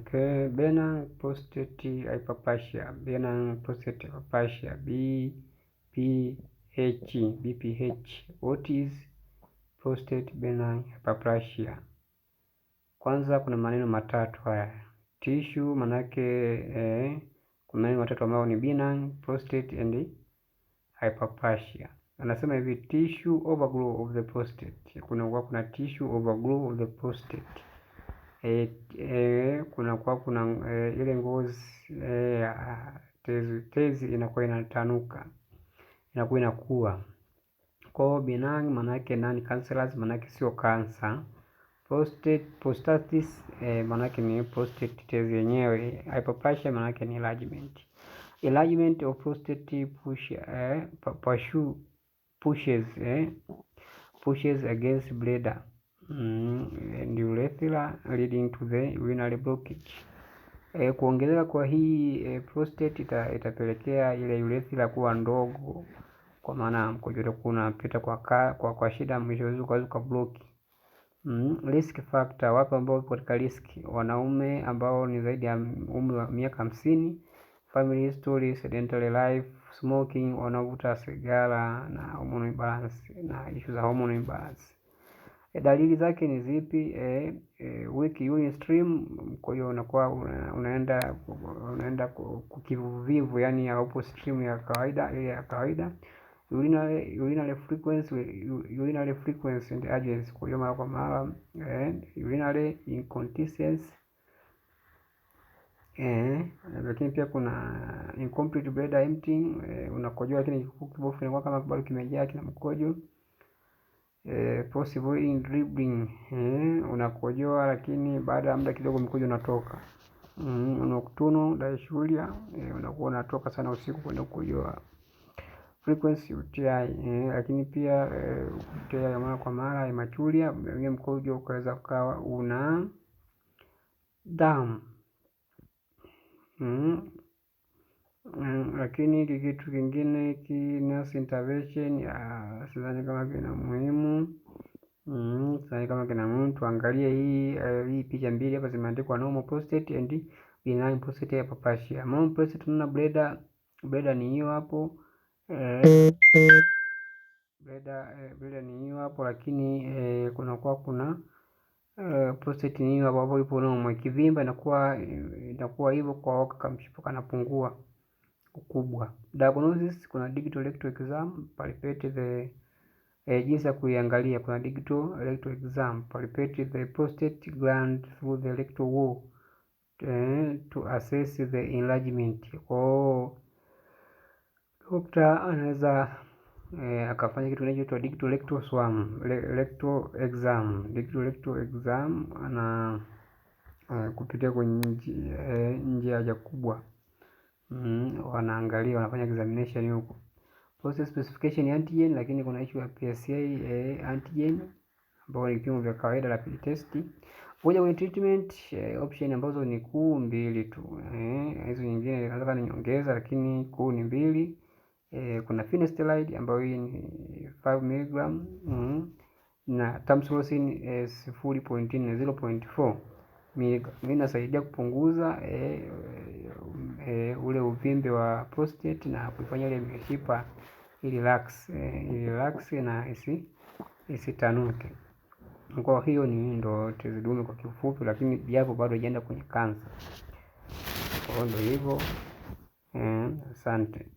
Okay, benign prostate hyperplasia, benign prostate hyperplasia, BPH, BPH. What is prostate benign hyperplasia? Kwanza kuna maneno matatu haya. Tissue manake eh, kuna maneno matatu ambayo ni benign prostate and hyperplasia. Anasema hivi tissue overgrow of the prostate. Kuna kuna tissue overgrow of the prostate e, eh, e, eh, kunakuwa kuna, e, ile ngozi e, tezi tezi inakuwa inatanuka inakuwa inakuwa. Kwa hiyo benign maana yake nani cancerous, maana yake sio cancer Prostate prostatitis e, maana yake ni prostate tezi yenyewe. hypoplasia maana yake ni enlargement enlargement of prostate push, eh, pushes eh, pushes against bladder mm, ndio urethra leading to the urinary blockage. E, kuongezeka kwa hii e, prostate ita, itapelekea ile urethra kuwa ndogo, kwa maana mkojo utakuwa unapita kwa, kwa, kwa shida, mwisho ukaweza kwa block. Mm, risk factor, wapi ambao wako katika risk? Wanaume ambao ni zaidi ya umri wa miaka hamsini, family history, sedentary life, smoking, wanaovuta sigara na hormone imbalance na issue za hormone imbalance. E, dalili zake ni zipi? E, e, wiki weak stream, kwa hiyo unakuwa una, unaenda unaenda kukivuvivu, yani haupo stream ya kawaida ile ya kawaida. Urinary, urinary frequency, urinary frequency and urgency, kwa hiyo mara kwa mara. E, urinary incontinence Eh, lakini pia kuna incomplete bladder emptying, eh, unakojoa lakini kibofu kinakuwa kama bado kimejaa kina mkojo eh, possible in dribbling eh, unakojoa lakini baada ya muda kidogo mkojo unatoka mm, unoktuno daishuria eh, unakuwa unatoka sana usiku kwenda kukojoa frequency UTI eh, lakini pia eh, UTI ya mara kwa mara imaturia mwingine mkojo ukaweza ukawa una damu mm lakini hiki kitu kingine hiki nurse intervention ya sidhani kama kina muhimu mm, sidhani kama kina muhimu. Tuangalie hii uh, hii picha mbili hapa zimeandikwa normal prostate and benign prostate hyperplasia. Normal prostate tunaona bladder bladder ni hiyo hapo eh, bleda eh, bleda ni hiyo hapo, lakini eh, kunakuwa kuna Uh, prostate ni hiyo hapo hapo ipo normal, Kivimba inakuwa inakuwa hivyo kwa wakati, kamshipo kanapungua ukubwa. Diagnosis kuna digital rectal exam palpate the eh, jinsi ya kuiangalia kuna digital rectal exam palpate the prostate gland through the rectal wall eh, to assess the enlargement. Kwa hiyo oh, daktari anaweza eh, akafanya kitu kinachoitwa digital rectal swam rectal exam digital rectal exam ana eh, kupitia kwenye eh, njia eh, haja kubwa mm, wanaangalia wanafanya examination huko process specification ya antigen, lakini kuna issue ya PSA eh, antigen ambayo ni vipimo vya kawaida la test moja kwenye treatment eh, option ambazo ni kuu mbili tu eh, hizo nyingine zinaweza ni nyongeza, lakini kuu ni mbili eh, kuna finasteride ambayo hii ni 5 mg mm, na tamsulosin eh, 0.4 mg, mimi nasaidia kupunguza eh, e, ule uvimbe wa prostate na kuifanya ile mishipa irelax e, irelax na isi isitanuke. Kwa hiyo ni ndo tezi dume kwa kifupi, lakini japo bado haijaenda kwenye kansa. Kwa hiyo ndo hivyo. Eh, asante.